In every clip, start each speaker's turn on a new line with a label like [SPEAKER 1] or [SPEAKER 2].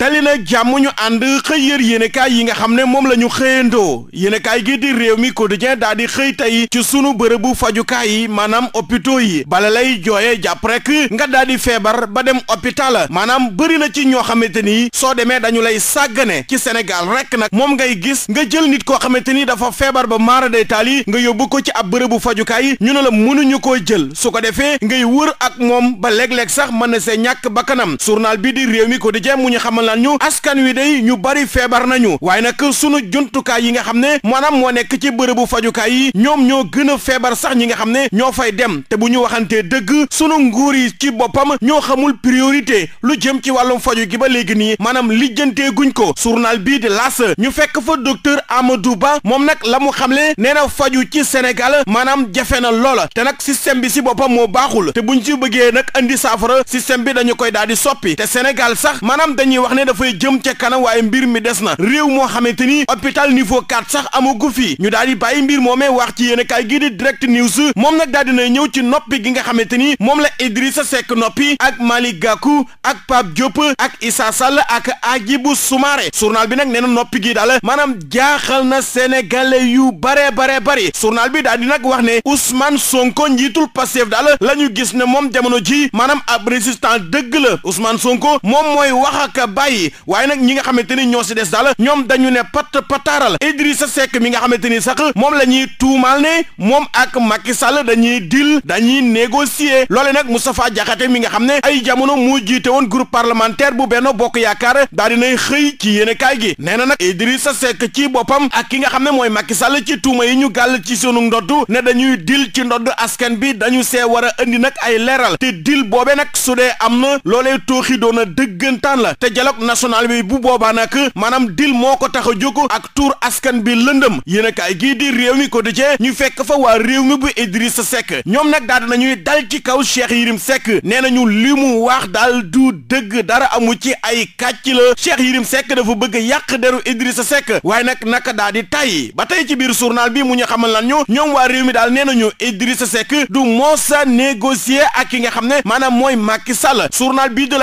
[SPEAKER 1] dali nag jàmm ñu ànd xëy yër yéenekaay yi nga xam ne moom la ñu xëyandoo yéenekaay gi di réew mi quotidien daal di xëy tey ci sunu bërëbu fajukaay yi maanaam hôpitaux yi bala lay jooyee jàpp rek nga daal di feebar ba dem hôpital maanaam bëri na ci ñoo xamante ni soo demee dañu lay sàggane ci Sénégal rek nag moom ngay gis nga jël nit koo xamante ni dafa feebar ba maara day taal yi nga yóbbu ko ci ab bërëbu fajukaay ñu ne la mënuñu koo jël su ko defee ngay wër ak moom ba léeg-léeg sax mën na see ñàkk bakkanam journal bi di lan ñu askan wi day ñu bari feebar nañu waaye nag sunu jumtukaay yi nga xam ne maanaam moo nekk ci bërëbu fajukaay yi ñoom ñoo gën a feebar sax ñi nga xam ne ñoo fay dem te bu ñu waxantee dëgg sunu nguur yi ci boppam ñoo xamul priorité lu jëm ci wàllum faju gi ba léegi nii maanaam lijjanteeguñ guñ ko journal bii di laas ñu fekk fa docteur Amadou Ba moom nag la mu xamle nee na faju ci Sénégal maanaam jafe na loola te nag système bi si boppam moo baaxul te buñ ci bëggee nag andi saafara système bi dañu koy daal di soppi te sax maanaam dañuy ne dafay jëm ca kanam waaye mbir mi des na réew moo xamante ni hôpital niveau 4 sax amagu fi ñu daal di bàyyi mbir moomee wax ci yéen a kaay gii di direct news moom nag daal dinay ñëw ci noppi gi nga xamante ni moom la Idrissa Seck noppi ak Malick Gakou ak Pape Diop ak Issa Sall ak Hadjibou Soumaré journal bi nag nee na noppi gi daal maanaam jaaxal na sénégalais yu bare bare bari journal bi daal di nag wax ne Ousmane Sonko njiitul Pastef daal la ñu gis ne moom jamono ji maanaam ab résistant la Ousmane Sonko bàyyi waaye nag ñi nga xamante ni ñoo si des daal ñoom dañu ne pat pataaral Idrissa Seck mi nga xamante ni sax moom la ñuy tuumaal ne moom ak Macky Sall dañuy dil dañuy négocier loole nag Moustapha Diakhaté mi nga xam ne ay jamono mu jiite woon groupe parlementaire bu Benno Bokk Yaakaar daal dinay xëy ci yéenekaay gi nee na nag Idrissa Seck ci boppam ak ki nga xam ne mooy Macky Sall ci tuuma yi ñu gàll ci sunu ndodd ne dañuy dil ci ndodd askan bi dañu see war a indi nag ay leeral te dil boobee nag su dee am na loolee tooxi doon a dëggantaan dialogue national bi bu boobaa nag maanaam dil moo ko tax a jóg ak tuur askan bi lëndëm yéen a kaay gii di réew mi quotidien ñu fekk fa waa réew mi bu Idrissa Seck ñoom nag daad na dinañuy dal ci kaw Cheikh Yirim Seck nee ñu li mu wax daal du dëgg dara amu ci ay kàcc la Cheikh Yirim sekk dafa bëgg yàq deru Idrissa Seck waaye nag naka daa di tay ba tey ci biir journal bi mu ñu xamal lan ñu ñoom waa réew mi daal nee nañu Idrissa Seck du moosa négocier ak ki nga xam ne maanaam mooy Macky Sall journal bii de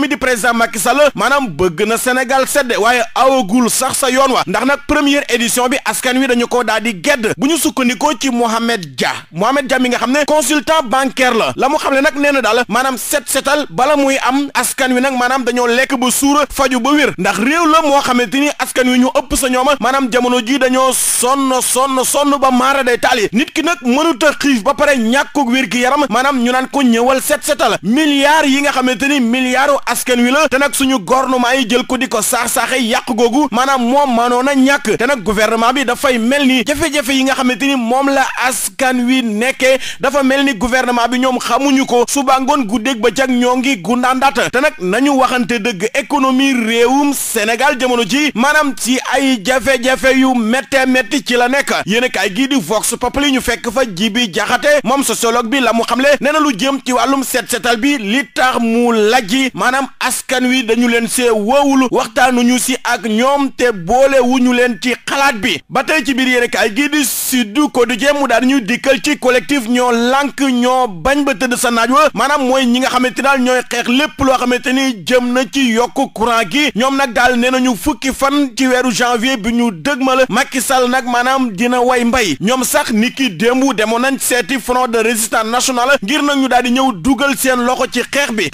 [SPEAKER 1] mi di président Macky Sall maanaam bëgg na Sénégal sedd waaye awagul sax sa yoon wa ndax nag première édition bi askan wi dañu ko daal di gedd bu ñu sukkandikoo ci Mohamed Dia Mohamed Dia mi nga xam ne consultant bancaire la la mu xam ne nag nee na daal maanaam set setal bala muy am askan wi nag maanaam dañoo lekk ba suura faju ba wér ndax réew la moo xamante ni askan wi ñu ëpp sa ñooma maanaam jamono ji dañoo sonn sonn sonn ba maara day taal nit ki nag mënut a ba pare ñàkkug wér gi yaram maanaam ñu naan ko ñëwal set setal milliards yi nga xamante ni milliards askan wi la te nag suñu gouvernement yi jël ko di ko saax-saaxe yàq googu maanaam moom manoon a ñàkk te nag gouvernement bi dafay mel ni jafe-jafe yi nga xamante ni moom la askan wi nekkee dafa mel ni gouvernement bi ñoom xamuñu ko suba ngoon guddeeg ba cag ñoo ngi gundaandaat te nag nañu waxante dëgg économie réewum Sénégal jamono ji maanaam si ay jafe-jafe yu méttee métti ci la nekka yéen a kaay gii di Vox Populi ñu fekk fa jibi jaxate moom sociologue bi la mu xamle nee na lu jëm ci wàllum set setal bi li tax mu lajji maanaam maanaam askan wi dañu leen see woowulu waxtaanuñu si ak ñoom te boole wuñu leen ci xalaat bi ba tey ci biir yéenekaay gii di Sud Quotidien mu daal ñuy dikkal ci collectif ñoo lànk ñoo bañ ba tëdd sa naaj wa maanaam mooy ñi nga xamante daal ñooy xeex lépp loo xamante ni jëm na ci yokk courant gi ñoom nag daal nee nañu fukki fan ci weeru janvier bi ñu dëgmal Macky Sall nag maanaam dina way mbay ñoom sax ni ki démb demoon nañ seeti front de résistance nationale ngir nag ñu daal di ñëw dugal seen loxo ci xeex bi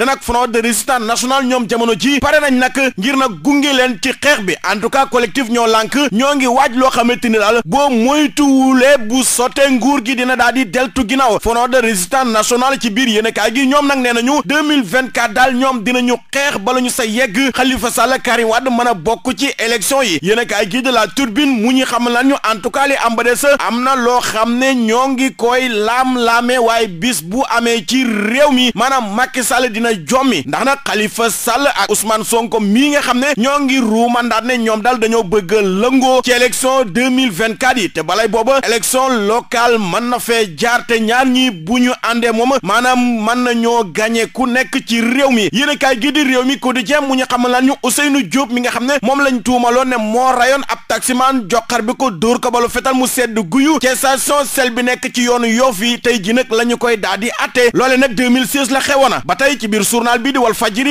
[SPEAKER 1] nationale ñoom jamono ji pare nañ nag ngir nag gunge leen ci xeex bi en tout cas collectif ñoo lànk ñoo ngi waaj loo xamante ni daal boo moytuwulee bu sottee nguur gi dina daal di deltu ginnaaw front de résistance nationale ci biir yéen kaay gi ñoom nag nee nañu 2024 daal ñoom dinañu xeex bala ñu sa yegg Khalifa Sall Karim Wade mën a bokk ci élection yi yéen kaay gi de la turbine mu ñu xam lan ñu en tout cas li am ba am na loo xam ne ñoo ngi koy laam-laamee waaye bis bu amee ci réew mi maanaam Macky Sall dina jommi ndax nag Khalifa Sall ak Ousmane Sonko mii nga xam ne ñoo ngi ruumandaat ne ñoom daal dañoo bëgg a lëngoo ci élection 2024 yi te balay booba élection locale mën na fee jaar te ñaar ñi bu ñu àndee moom maanaam mën na ñoo gagné ku nekk ci réew mi yéen a kaay gi di réew mi quotidien mu ñu xam lan ñu Ousseynou Diop mi nga xam ne moom lañ tuumaloon ne moo rayoon ab taximaan joxar bi ko dóor ko balu fetal mu sedd guyu ci station sel bi nekk ci yoon Yoff yi tey ji nag la ñu koy daal di atte loole nag 2016 la xewoon na ba tey ci biir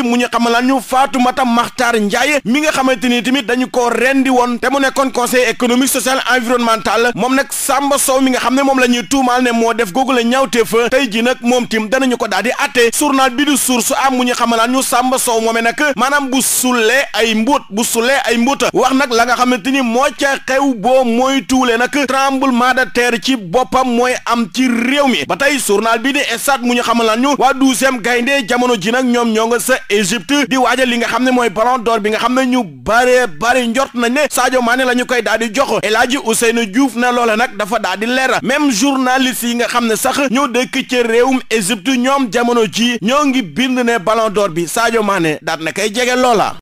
[SPEAKER 1] mu ñu xamalaan ñu Fatoumata Makhtar Ndiaye mi nga xamante ni tamit dañu ko rendi woon te mu nekkoon conseil économique social environnemental moom nag Samba Sow mi nga xam ne moom la ñuy tuumaal ne moo def googu la ñaawte fa tey ji moom tim danañu ko daal di atte journal bi du source am mu ñu xamalaan ñu Samba Sow moomee nag maanaam bu sulle ay mbóot bu sulle ay mbóota wax nag la nga xamante ni moo ca xew boo mooy tuule na tremblement de terre ci boppam mooy am ci réew mi ba tey journal bi di Stades mu ñu xamalaan ñu waa douzième gaynde jamono ji ñoom ñoo Égypte di waajal li nga xam ne mooy ballon d'or bi nga xam ne ñu bare bare njort nañ ne Sadio Mané la ñu koy daal di jox El Hadji Ousseynou Diouf na loola nag dafa daal di leer même journaliste yi nga xam ne sax ñoo dëkk ci réewum Égypte ñoom jamono ci ñoo ngi bind ne balon d'or bi Sadio Mané daat na koy jege loola